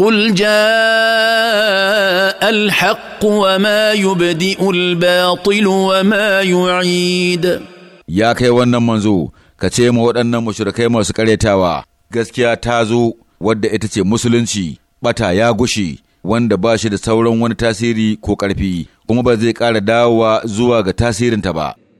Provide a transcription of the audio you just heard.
قل جاء الحق وما يبدئ الباطل وما يعيد ya kai wannan manzo ka ce ma waɗannan mushrikai masu karyatawa gaskiya ta zo wadda ita ce musulunci bata ya gushe wanda ba shi da sauran wani tasiri ko ƙarfi kuma ba zai ƙara dawowa zuwa ga tasirinta ba